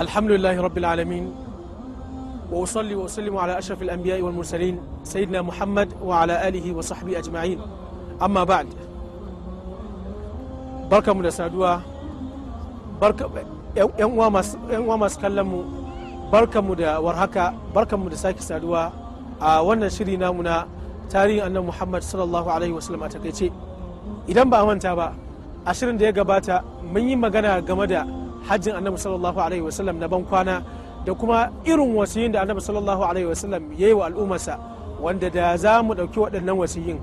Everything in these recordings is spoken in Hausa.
الحمد لله رب العالمين وأصلي وأسلم على أشرف الأنبياء والمرسلين سيدنا محمد وعلى آله وصحبه أجمعين أما بعد بركة من السادوة بركة ينوى ما سكلم بركة من ورهكة بركة من السادوة آه، وانا شرينا منا تاريخ أن محمد صلى الله عليه وسلم أتكيتي إذا ba أمان تابا أشرين ديه من يمغانا قمدا hajjin annabi sallallahu alaihi wasallam na ban kwana da kuma irin wasiyin da annabi sallallahu alaihi wasallam ya yi wa al'ummarsa wanda da za mu ɗauki waɗannan wasiyin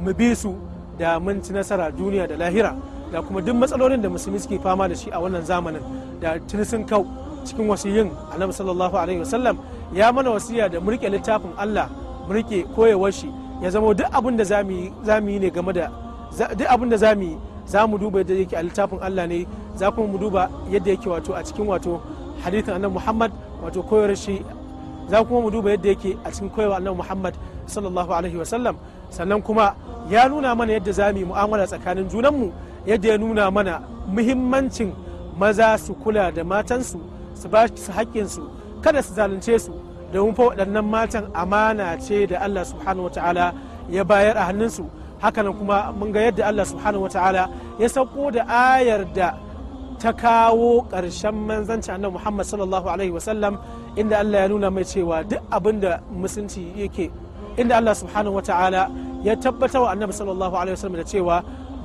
mu bi su da mun ci nasara duniya da lahira da kuma duk matsalolin da musulmi suke fama da shi a wannan zamanin da tuni sun kau cikin wasiyin annabi sallallahu alaihi wasallam ya mana wasiya da mu rike littafin Allah mu rike koyewar shi ya zama duk abin da zamu yi ne game da duk abin da zamu yi za mu duba yadda yake a littafin Allah ne za kuma mu duba yadda yake wato a cikin wato hadithin annabi Muhammad wato koyar shi za kuma mu duba yadda yake a cikin koyarwa annabi Muhammad sallallahu alaihi wa sallam sannan kuma ya nuna mana yadda za mu mu'amala tsakanin junanmu yadda ya nuna mana muhimmancin maza su kula da matansu su ba su haƙƙinsu kada su zalunce su domin fa waɗannan matan amana ce da Allah subhanahu wa ta'ala ya bayar a hannunsu hakanan kuma mun ga yadda Allah subhanahu wataala ya sauko da ayar da ta kawo ƙarshen manzanci annabi Muhammad sallallahu alaihi wasallam inda Allah ya nuna mai cewa duk abin da musulunci yake inda Allah subhanahu wataala ya tabbata wa annabi sallallahu alaihi wasallam da cewa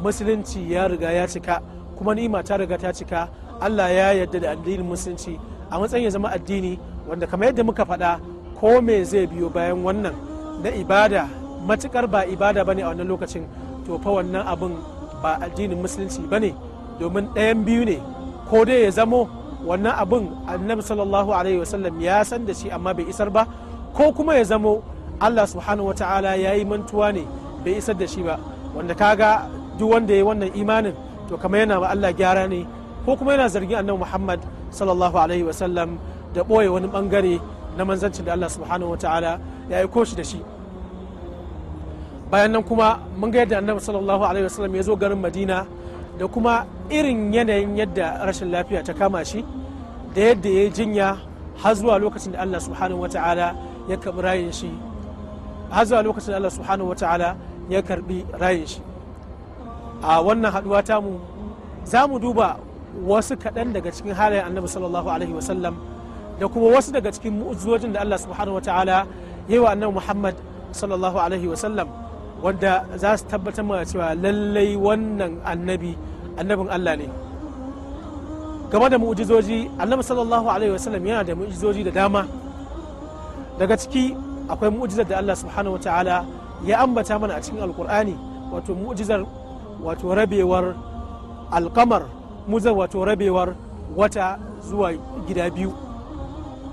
musulunci ya riga ya cika kuma ni'ima ta riga ta cika Allah ya yarda da addinin musulunci a matsayin ya zama addini wanda kamar yadda muka faɗa ko me zai biyo bayan wannan na ibada matukar ba ibada bane a wannan lokacin to fa wannan abin ba addinin musulunci bane domin ɗayan biyu ne ko dai ya zamo wannan abin annabi sallallahu alaihi wasallam ya san da shi amma bai isar ba ko kuma ya zamo Allah subhanahu wataala ya yi mantuwa ne bai isar da shi ba wanda kaga duk wanda ya wannan imanin to kamar yana ma Allah gyara ne ko kuma yana zargin annabi Muhammad sallallahu alaihi wasallam da ɓoye wani bangare na manzancin da Allah subhanahu wataala ya yi shi da shi bayan nan kuma mun ga yadda annabi sallallahu alaihi wasallam ya zo garin madina da kuma irin yanayin yadda rashin lafiya ta kama shi da yadda ya jinya har zuwa lokacin da allah subhanahu wa ta'ala ya karbi rayin shi har zuwa lokacin da allah subhanahu wa ta'ala ya karbi rayin shi a wannan haduwa mu za mu duba wasu kaɗan daga cikin halayen annabi sallallahu alaihi wasallam da kuma wasu daga cikin mu'ujizojin da allah subhanahu wa ta'ala ya yi wa annabi muhammad sallallahu alaihi wasallam wanda za su tabbatar mana cewa lallai wannan annabi annabin Allah ne game da mu'jizoji annabi sallallahu alaihi wasallam yana da mu'jizoji da dama daga ciki akwai mu'jizar da Allah subhanahu wataala ya ambata mana a cikin alkur'ani wato mu'jizar wato rabewar alkamar muzar wato rabewar wata zuwa gida biyu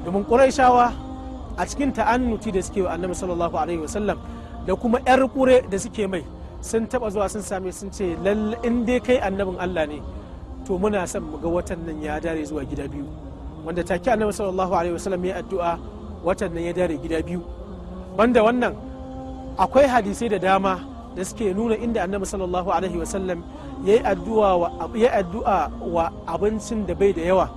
domin ƙuraishawa a cikin ta'annuti da suke annabi sallallahu alaihi wasallam da kuma 'yar kure da suke mai sun taba zuwa sun same sun ce lalle in dai kai annabin Allah ne to muna son mu ga watan nan ya dare zuwa gida biyu wanda take annabi sallallahu alaihi wasallam ya addu'a watan nan ya dare gida biyu banda wannan akwai hadisai da dama da suke nuna inda annabi sallallahu alaihi wasallam ya yi addu'a wa ya addu'a wa abincin da bai da yawa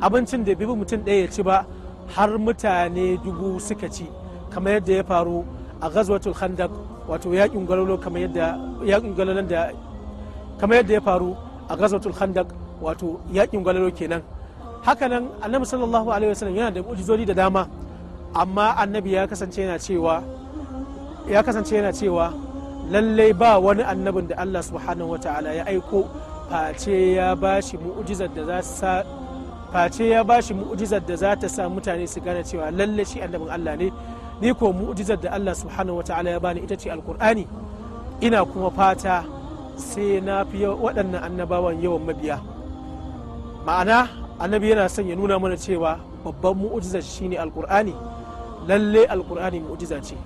abincin da bai mutum ɗaya ya ci ba har mutane dubu suka ci kamar yadda ya faru a ghazwatul khandaq wato yakin gwalolo kamar yadda yakin gwalolon da kamar yadda ya faru a ghazwatul khandaq wato yakin gwalolo kenan hakanan annabi sallallahu alaihi wasallam yana da mu'jizori da dama amma annabi ya kasance yana cewa ya kasance yana cewa lallai ba wani annabin da Allah subhanahu wataala ya aiko face ya bashi mu'jizar da za sa face ya bashi mu'jizar da za ta sa mutane su gane cewa lallai shi annabin Allah ne ni ko mu'jizar da Allah subhanahu ta'ala ya bani ita ce alkur'ani ina kuma fata sai na fi waɗannan annabawan yawan mabiya ma'ana annabi yana son ya nuna mana cewa babban mu'jizar shine alkur'ani lalle alkur'ani mu'jiza ce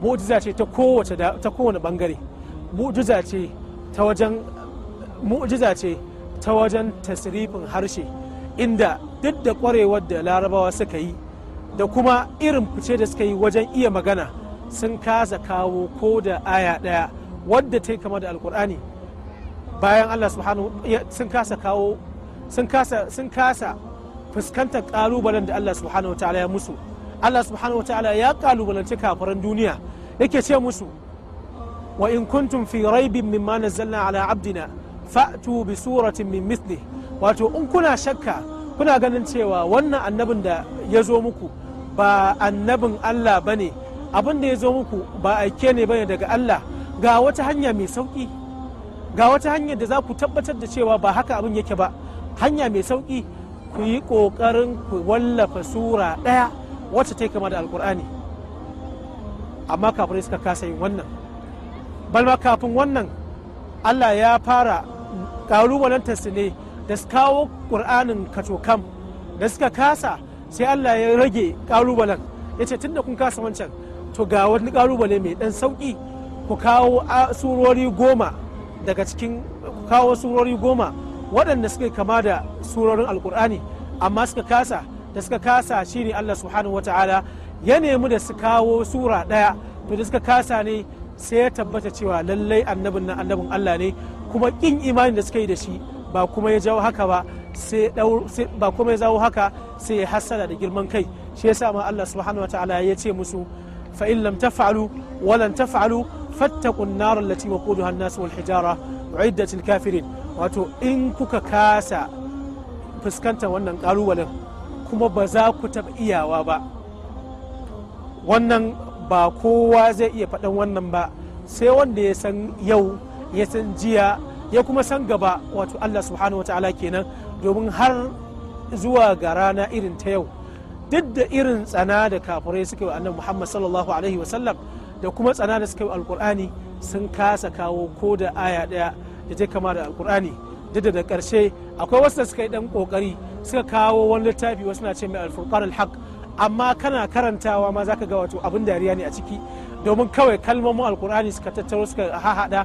mu'jiza ce ta kowane bangare mu'jiza ce ta wajen mu'jiza ce ta wajen tasrifin harshe inda duk da kwarewar da larabawa suka yi da kuma irin fice da suka yi wajen iya magana sun kasa kawo ko da aya ɗaya wadda ta yi kama da alkur'ani bayan allah sun kasa kawo sun kasa sun kasa fuskantar kalubalen da allah subhanahu wa ta'ala ya musu allah subhanahu wa ta'ala ya kalubalanci kafiran duniya yake ce musu wa in kuntum fi raibin mimma nazzalna ala abdina fa'tu bi suratin min mithli wato in kuna shakka kuna ganin cewa wannan annabin da ya zo muku ba annabin Allah ba ne abin da ya zo muku ba aike ne bane daga Allah ga wata hanya mai sauki ga wata hanya da za ku tabbatar da cewa ba haka abin yake ba hanya mai sauki ku yi ƙoƙarin ku wallafa sura ɗaya wacce ta kama da alkur'ani amma kafin suka kasa yin wannan balma kafin wannan Allah ya fara ƙalubalantarsu ne da su kawo ƙur'anin kam da suka kasa sai Allah ya rage kalubalen ya ce tun da kun kasa wancan to ga wani kalubale mai dan sauki ku kawo surori goma daga cikin ku kawo surori goma waɗanda suka kama da surorin alkur'ani amma suka kasa da suka kasa shine Allah subhanahu wataala ya nemi da su kawo sura ɗaya to da suka kasa ne sai ya tabbata cewa lallai annabin nan annabin Allah ne kuma kin imanin da suka yi da shi ba kuma ya jawo haka ba sai ba kuma ya jawo haka sai ya da girman kai shi yasa ma Allah subhanahu wataala ya ce musu fa in lam taf'alu wa lan taf'alu fattaqun nar allati waquduha an-nas wal hijara uiddat lil kafirin wato in kuka kasa fuskantar wannan kalubalen kuma ba za ku taba iyawa ba wannan ba kowa zai iya faɗan wannan ba sai wanda ya san yau ya san jiya ya kuma san gaba wato Allah subhanahu wataala kenan domin har zuwa ga rana irin ta yau duk da irin tsana da kafirai suka yi annabi Muhammad sallallahu alaihi wasallam da kuma tsana da suka yi alkur'ani sun kasa kawo ko da aya daya da ta kama da alkur'ani duk da karshe akwai wasu da suka yi dan kokari suka kawo wani littafi wasu na ce mai alfurqan alhaq amma kana karantawa ma zaka ga wato abin dariya ne a ciki domin kawai kalmomin alkur'ani suka tattaro suka hahada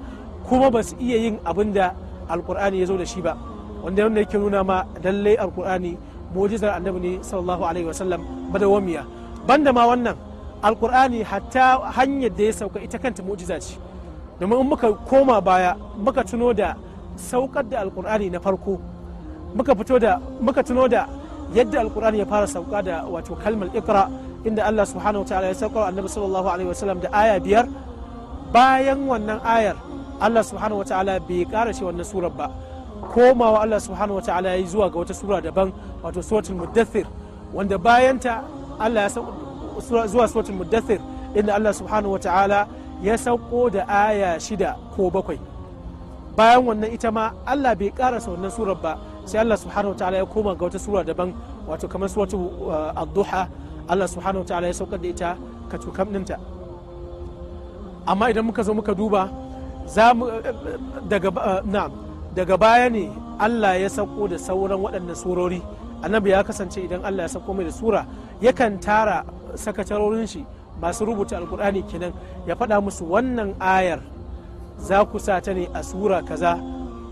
kuma ba su iya yin abin da alkur'ani ya zo da shi ba wanda wanda yake nuna ma lallai alkur'ani mu'jizar annabi ne sallallahu alaihi wasallam badawamiya banda ma wannan alkur'ani hatta hanyar da ya sauka ita kanta mu'jiza ce domin in muka koma baya muka tuno da saukar da alkur'ani na farko muka fito da muka tuno da yadda alkur'ani ya fara sauka da wato kalmar ikra inda Allah subhanahu wa ta'ala ya sauka annabi sallallahu alaihi wasallam da aya biyar bayan wannan ayar Allah subhanahu wa ta'ala bai ƙara ce wannan surar ba komawa Allah subhanahu wa ta'ala yi zuwa ga wata sura daban wato suratul muddathir wanda bayanta Allah ya zuwa suratul muddathir inda Allah subhanahu wa ta'ala ya sauko da aya shida ko bakwai bayan wannan ita ma Allah bai sa wannan surar ba sai Allah subhanahu wa ta'ala ya koma ga wata sura daban wato kamar suratul uh, ad-duha Allah subhanahu wa ta'ala ya saukar da ita ka cukam ɗinta amma idan muka zo muka duba Eh, eh, eh, daga baya ne allah ya sauko da sauran waɗannan surori annabi ya kasance idan allah ya sauko mai da sura yakan tara sakatarorin shi masu rubuta alkur'ani kenan ya faɗa musu wannan ayar za ku sa ta ne a sura kaza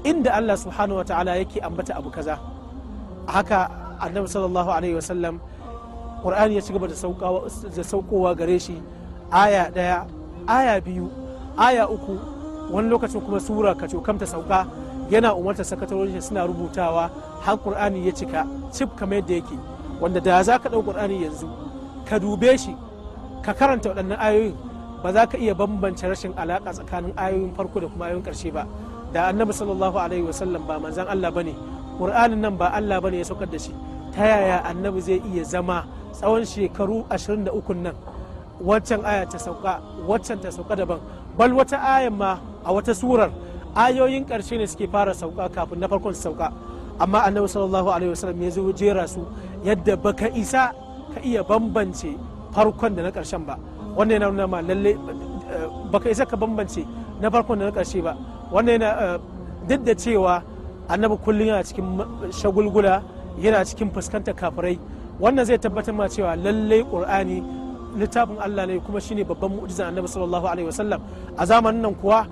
inda allah subhanahu wa ta'ala yake ambata abu kaza haka annabi sallallahu alaihi wasallam qur'ani ya ci gaba da saukowa gare shi aya ɗaya aya biyu aya uku wani lokacin kuma sura ka ta sauka yana umartar sakatarorin suna rubutawa har qur'ani ya cika cif kamar yadda yake wanda da za ka ɗau qur'ani yanzu ka dube shi ka karanta waɗannan ayoyin ba za ka iya bambance rashin alaƙa tsakanin ayoyin farko da kuma ayoyin ƙarshe ba da annabi sallallahu alaihi wasallam ba manzan Allah bane qur'anin nan ba Allah bane ya saukar da shi ta yaya annabi zai iya zama tsawon shekaru 23 nan waccan aya ta sauka waccan ta sauka daban bal wata ayan ma a wata surar ayoyin ƙarshe ne suke fara sauka kafin na farkon su sauka amma annabi sallallahu alaihi wasallam ya zo jera su yadda baka isa ka iya bambance farkon da na ƙarshen ba wannan yana nuna ma lalle eh, baka isa ka bambance na farkon da na ƙarshe ba wannan yana eh, duk da cewa annabi kullum yana cikin shagulgula yana cikin fuskantar kafirai wannan zai tabbatar ma cewa lalle qur'ani littafin Allah ne kuma shine babban mu'jizan annabi sallallahu alaihi wasallam a zamanin nan kuwa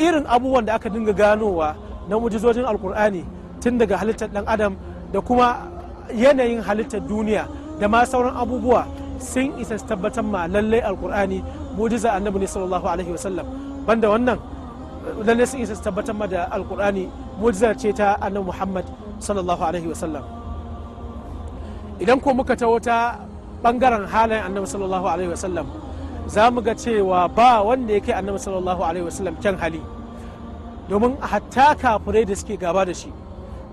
irin abubuwan da aka dinga ganowa na mujizojin alkur'ani tun daga halittar dan adam da kuma yanayin halittar duniya da ma sauran abubuwa sun isa tabbatar ma lallai alkur'ani mujiza annabi ne sallallahu alaihi wasallam banda wannan lallai sun isa tabbatar ma da alkur'ani mujiza ce ta annabi muhammad sallallahu alaihi wasallam idan ko muka taho ta bangaren halayen annabi sallallahu alaihi wasallam za mu ga cewa ba wanda yake annabi sallallahu alaihi wasallam kyan hali domin hatta kafirai da suke gaba da shi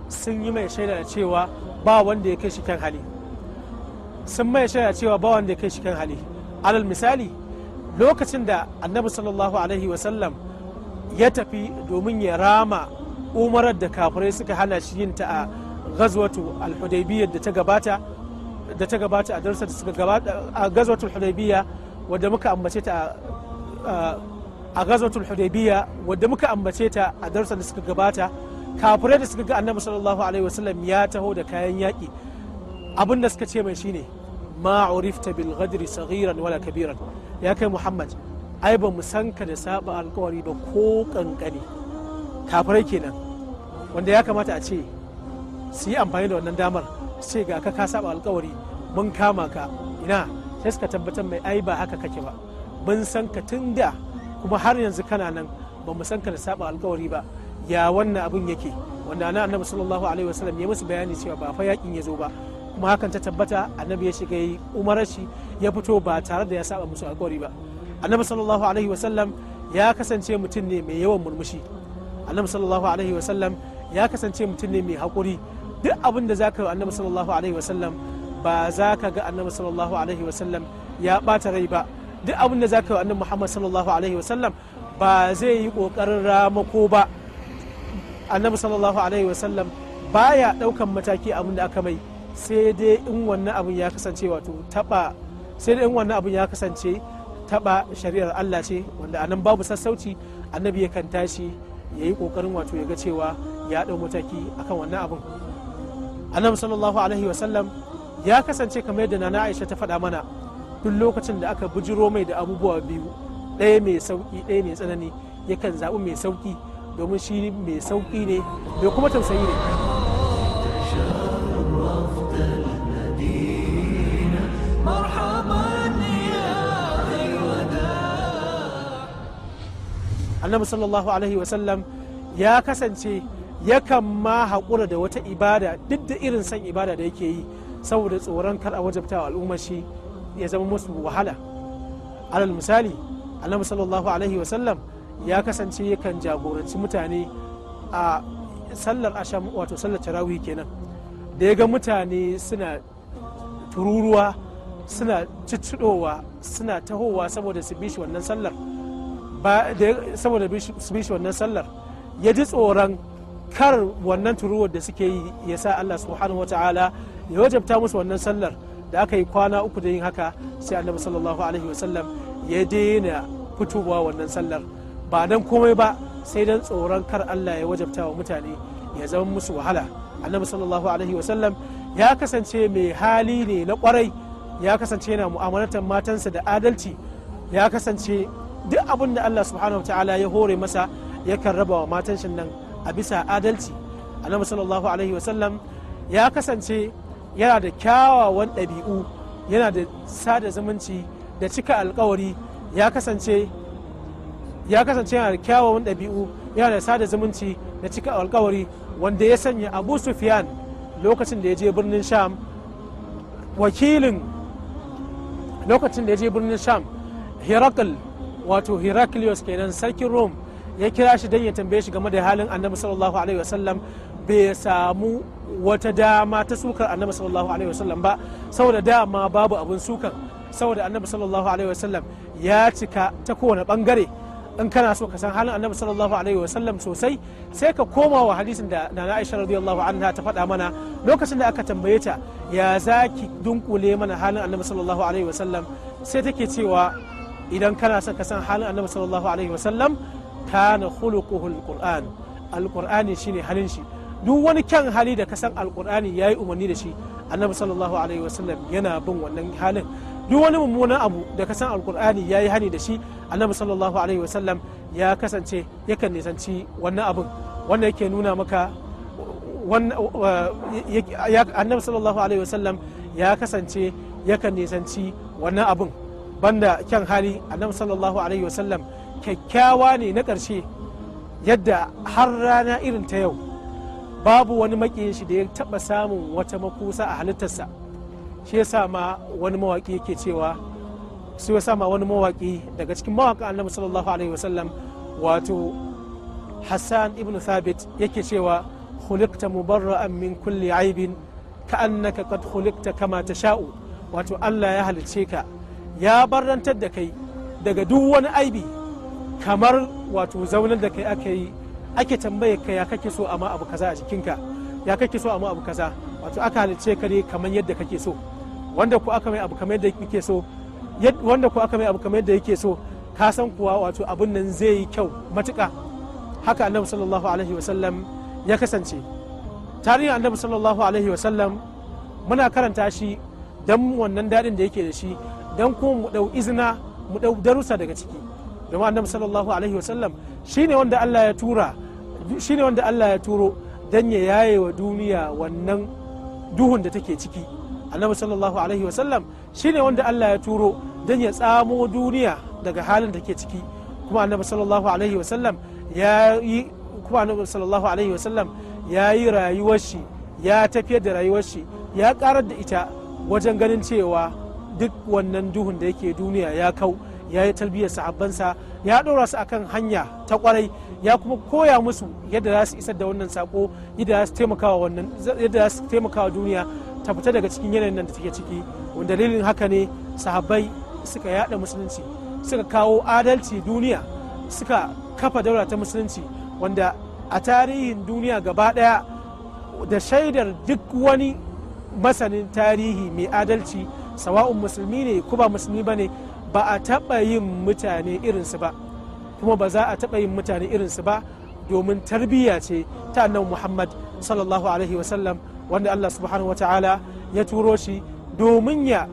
sun yi mai shaida da cewa ba wanda ya kai shi kyan hali sun mai shaida cewa ba wanda ya kai shi kyan hali alal misali lokacin da annabi sallallahu alaihi wasallam ya tafi domin ya rama umarar da kafirai suka hana shi yin ta a gazwatu al-hudaybiyya da ta gabata da ta gabata a darsa da suka gabata a gazwatu al hudaybiyya wadda muka ambace ta a gazatul hudaybiya wadda muka ambace ta a darsa da suka gabata kafirai da suka ga annabi sallallahu alaihi wasallam ya taho da kayan yaƙi abin da suka ce mai shine ma urifta bil ghadri saghiran wala kabiran ya kai muhammad ai ba mu san ka da saba alkawari ba ko kankani kafirai kenan wanda ya kamata a ce su yi amfani da wannan damar sai ga ka ka saba alkawari mun kama ka ina sai suka tabbatar mai ai ba haka kake ba mun san ka tun da kuma har yanzu kana nan ba mu san ka da saba alkawari ba ya wannan abin yake wanda na annabi sallallahu alaihi wasallam ya musu bayani cewa ba fa yakin ya zo ba kuma hakan ta tabbata annabi ya shiga yi umarashi ya fito ba tare da ya saba musu alkawari ba annabi sallallahu alaihi wasallam ya kasance mutum ne mai yawan murmushi annabi sallallahu alaihi wasallam ya kasance mutum ne mai haƙuri duk abin da zaka yi annabi sallallahu alaihi wasallam ba za ka ga annabi sallallahu alaihi wasallam ya bata rai ba duk abin da za ka yi annabi muhammad sallallahu alaihi wasallam ba zai yi ƙoƙarin ramako ba annabi sallallahu alaihi wasallam baya ɗaukan mataki abin da aka mai sai dai in wannan abin ya kasance wato sai dai in wannan abin ya kasance shari'ar Allah ce wanda a nan babu sassauci annabi yakan tashi ya yi ƙoƙarin wato ya ga cewa ya ɗau mataki akan wannan abin annabi sallallahu alaihi wasallam ya kasance kamar yadda nana aisha ta faɗa mana duk lokacin da aka bujiro mai da abubuwa biyu ɗaya mai sauƙi ɗaya mai tsanani yakan zaɓi mai sauki domin shi mai sauƙi ne bai kuma tausayi ne annabi sallallahu alaihi wasallam ya kasance yakan ma haƙura da wata ibada duk da irin san ibada da yake yi saboda tsoron kar a wajabta wa al'umma shi ya zama musu wahala alal misali annabi sallallahu alaihi sallam ya kasance yakan jagoranci mutane a sallar asham wato sallar tarawih kenan da ya ga mutane suna tururuwa suna ciccidowa suna tahowa saboda su bishi wannan sallar saboda su bishi wannan sallar ya ji tsoron kar wannan turuwar da suke yi ya sa Allah subhanahu wa ta'ala ya wajabta musu wannan sallar da aka yi kwana uku da yin haka sai annabi sallallahu alaihi wasallam ya daina fitowa wannan sallar ba dan komai ba sai dan tsoron kar Allah ya wajabta wa mutane ya zama musu wahala annabi sallallahu alaihi wasallam ya kasance mai hali ne na kwarai ya kasance yana mu'amalantar matansa da adalci ya kasance duk abin da Allah subhanahu ta'ala ya hore masa yakan raba wa matan nan a bisa adalci annabi sallallahu alaihi wasallam ya kasance yana da kyawawan ɗabi'u yana da sada zumunci da cika alkawari ya kasance ya kasance yana da kyawawan ɗabi'u yana da sada zumunci da cika alkawari wanda ya sanya abu sufiyan lokacin da ya je birnin sham wakilin lokacin da ya je birnin sham herakl wato heraklius kenan sarkin rome ya kira shi don ya tambaye shi game da halin annabi sallallahu alaihi wasallam bai samu wata dama ta sukar annabi sallallahu alaihi wasallam ba saboda dama babu abin sukar saboda annabi sallallahu alaihi wasallam ya cika ta kowane bangare in kana so ka san halin annabi sallallahu alaihi wasallam sosai sai ka koma wa hadisin da nana aisha radiyallahu anha ta faɗa mana lokacin da aka tambaye ta ya zaki dunkule mana halin annabi sallallahu alaihi wasallam sai take cewa idan kana so ka san halin annabi sallallahu alaihi wasallam kana khuluquhu alquran alqur'ani shine halin shi duk wani kyan hali da kasan alkur'ani ya yi umarni da shi annabi sallallahu alaihi wasallam yana bin wannan halin duk wani mummunan abu da kasan alkur'ani ya yi hani da shi annabi sallallahu alaihi wasallam ya kasance yakan nisanci wannan abin wanda yake nuna maka uh, annabi sallallahu alaihi wasallam ya kasance yakan nisanci wannan abin banda kyan hali annabi sallallahu alaihi wasallam kyakkyawa ne na ƙarshe yadda har rana irin ta yau babu wani makiyin shi da ya taba samun wata makusa a halittarsa shi yasa ma wani mawaki yake cewa su yasa ma wani mawaki daga cikin mawaka annabi sallallahu alaihi wasallam wato hassan ibn thabit yake cewa khuliqta mubarra'an min kulli aibin ka'annaka qad khuliqta kama tasha'u wato Allah ya halicce ka ya barantar da kai daga duk wani aibi kamar wato zaunar da kai aka yi ake tambaye ka ya kake so amma abu kaza a jikinka ya kake so amma abu kaza wato aka halice ka ne kamar yadda kake so wanda ko aka mai abu kamar yadda kake so wanda ku aka mai abu kamar yadda yake so ka san kuwa wato abun nan zai yi kyau matuka haka annabi sallallahu alaihi wasallam ya kasance tarihin annabi sallallahu alaihi wasallam muna karanta shi dan wannan dadin da yake da shi dan kuma mu dau izina mu dau darusa daga ciki domin annabi sallallahu alaihi wasallam shine wanda Allah ya tura shine wanda Allah ya turo dan ya yaye wa duniya wannan duhun da take ciki annabi sallallahu alaihi wasallam shine wanda Allah ya turo dan ya tsamo duniya daga halin da take ciki kuma annabi sallallahu alaihi wasallam ya yi kuma annabi sallallahu alaihi wasallam ya yi rayuwar shi ya tafiyar da rayuwar shi ya karar da ita wajen ganin cewa duk wannan duhun da yake duniya ya kau ya yi talbiyar sahabbansa ya ɗora su akan hanya ta kwarai ya kuma koya musu yadda za su isar da wannan sako yadda za su taimakawa wannan yadda za su taimakawa duniya ta fita daga cikin yanayin nan da take ciki wanda dalilin haka ne sahabbai suka yada musulunci suka kawo adalci duniya suka kafa daura ta musulunci wanda a tarihin duniya gaba daya da shaidar duk wani masanin tarihi mai adalci sawa'un musulmi ne ko ba musulmi ba ne ba a taɓa yin mutane irinsu ba kuma ba za a taɓa yin mutane irinsu ba domin tarbiyya ce ta annabi muhammad sallallahu alaihi wasallam wanda allah subhanahu ta'ala ya turo shi domin ya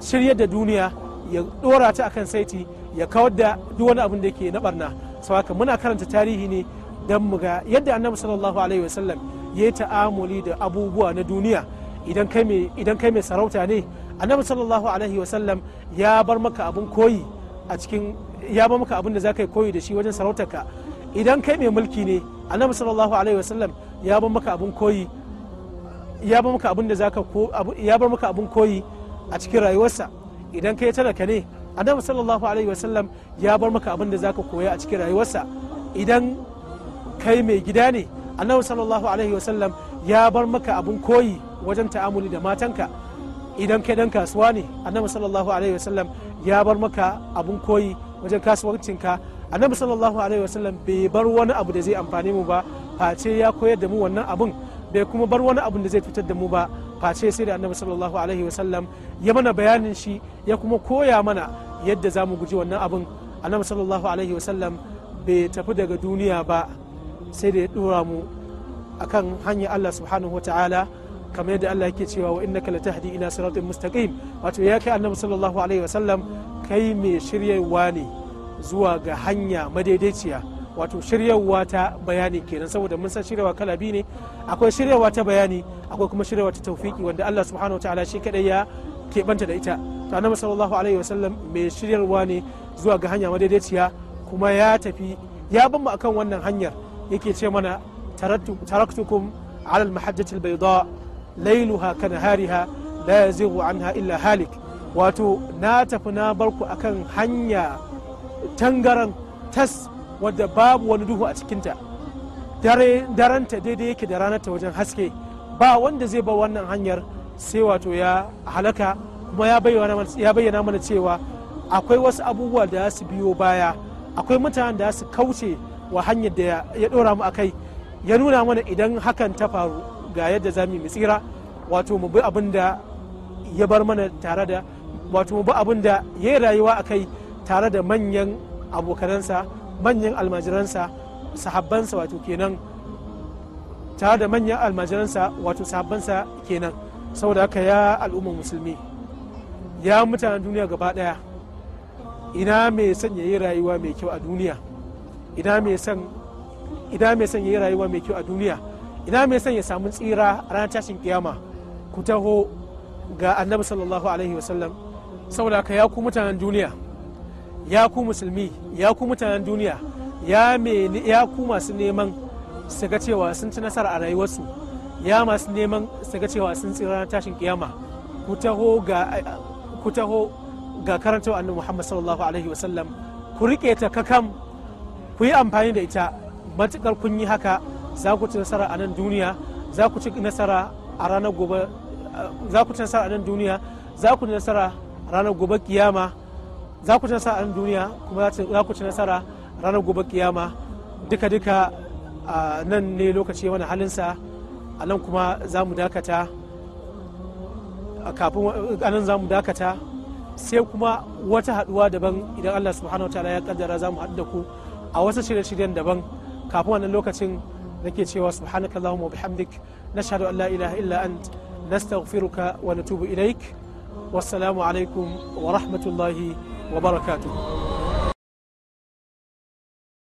shirya da duniya ya ɗora ta akan saiti ya kawar da duk wani abin da ke na barna saboda muna karanta tarihi ne don mu ga yadda annabi sallallahu alaihi wasallam ya yi ta'amuli da abubuwa na duniya idan kai mai sarauta ne annabi sallallahu alaihi wasallam ya bar maka abun koyi a cikin ya bar maka da za ka yi koyi da shi wajen sarautarka idan kai mai mulki ne annabi sallallahu alaihi wasallam ya bar maka abun koyi ya bar maka da zaka ya bar maka koyi a cikin rayuwarsa idan kai talaka ne annabi sallallahu alaihi wasallam ya bar maka abun da zaka koya a cikin rayuwarsa idan kai mai gida ne annabi sallallahu alaihi wasallam ya bar maka abun koyi wajen ta'amuli da matanka idan kai dan kasuwa ne annabi sallallahu alaihi wasallam ya bar maka abun koyi wajen kasuwancinka annabi sallallahu alaihi wasallam bai bar wani abu da zai amfani mu ba face ya koyar da mu wannan abun bai kuma bar wani abu da zai fitar da mu ba face sai da annabi sallallahu alaihi wasallam ya mana bayanin shi ya kuma koya mana yadda za mu guji wannan abun annabi sallallahu alaihi wasallam bai tafi daga duniya ba sai da ya dora mu akan hanyar Allah subhanahu wa ta'ala kamar yadda Allah yake cewa wa innaka latahdi ila siratin mustaqim wato ya kai annabi sallallahu alaihi wasallam kai mai shiryawa ne zuwa ga hanya madaidaiciya wato shiryawa ta bayani kenan saboda mun san shiryawa kala biyu ne akwai shiryawa ta bayani akwai kuma shiryawa ta tawfiki wanda Allah subhanahu wataala shi kadai ya keɓanta da ita to annabi sallallahu alaihi wasallam mai shiryarwa ne zuwa ga hanya madaidaiciya kuma ya tafi ya ban mu akan wannan hanyar yake ce mana taraktukum ala al-mahajjati lailuha kan hariha la yazighu anha illa halik wato na tafi na barku akan hanya tangaran tas wadda babu wani duhu a cikinta daranta daidai yake da ranar ta wajen haske ba wanda zai bar wannan hanyar sai wato ya halaka kuma ya bayyana mana cewa akwai wasu abubuwa da su biyo baya akwai mutanen da su kauce wa hanyar da ya ɗora mu a kai ya nuna mana idan hakan ta faru ga yadda za mu tsira wato mu bi abin da ya bar mana tare da wato mu bi abin da ya yi rayuwa a kai tare da manyan abokanansa manyan almajiransa sahabbansa wato kenan tare da manyan almajiransa wato sahabbansa kenan saboda haka ya al'umma musulmi ya mutanen duniya gaba daya ina mai son ya yi rayuwa mai kyau a duniya ina mai son ya yi rayuwa mai kyau a duniya ina mai son ya samu tsira ranar tashin kiyama ku taho ga annabi sallallahu alaihi wasallam saboda ka ya ku mutanen duniya ya ku musulmi ya ku mutanen duniya ya ku masu neman su ga cewa sun ci nasara a rayuwarsu ya masu neman su ga cewa sun tsira ranar tashin kiyama ku taho ga ku taho ga karanta annabi Muhammad sallallahu alaihi wasallam ku rike ta kakam ku yi amfani da ita matukar kun yi haka za ku ci nasara a nan duniya za ku ci nasara a ranar gobe eh, za ku ci nasara a nan duniya za ku ci nasara ranar gobe kiyama za ku ci nasara a nan duniya kuma za ku ci nasara ranar gobe kiyama duka duka nan ne lokaci mana halinsa a nan kuma za mu dakata kafin a nan za mu dakata sai kuma wata haduwa daban idan allah subhanahu wa ta'ala ya kaddara za mu haɗu da ku a wasu shirye-shiryen daban kafin wannan lokacin nake cewa subhanakallahumma wa bihamdik nashhadu an la ilaha illa ant nastaghfiruka wa natubu ilaik wassalamu alaikum wa rahmatullahi wa barakatuh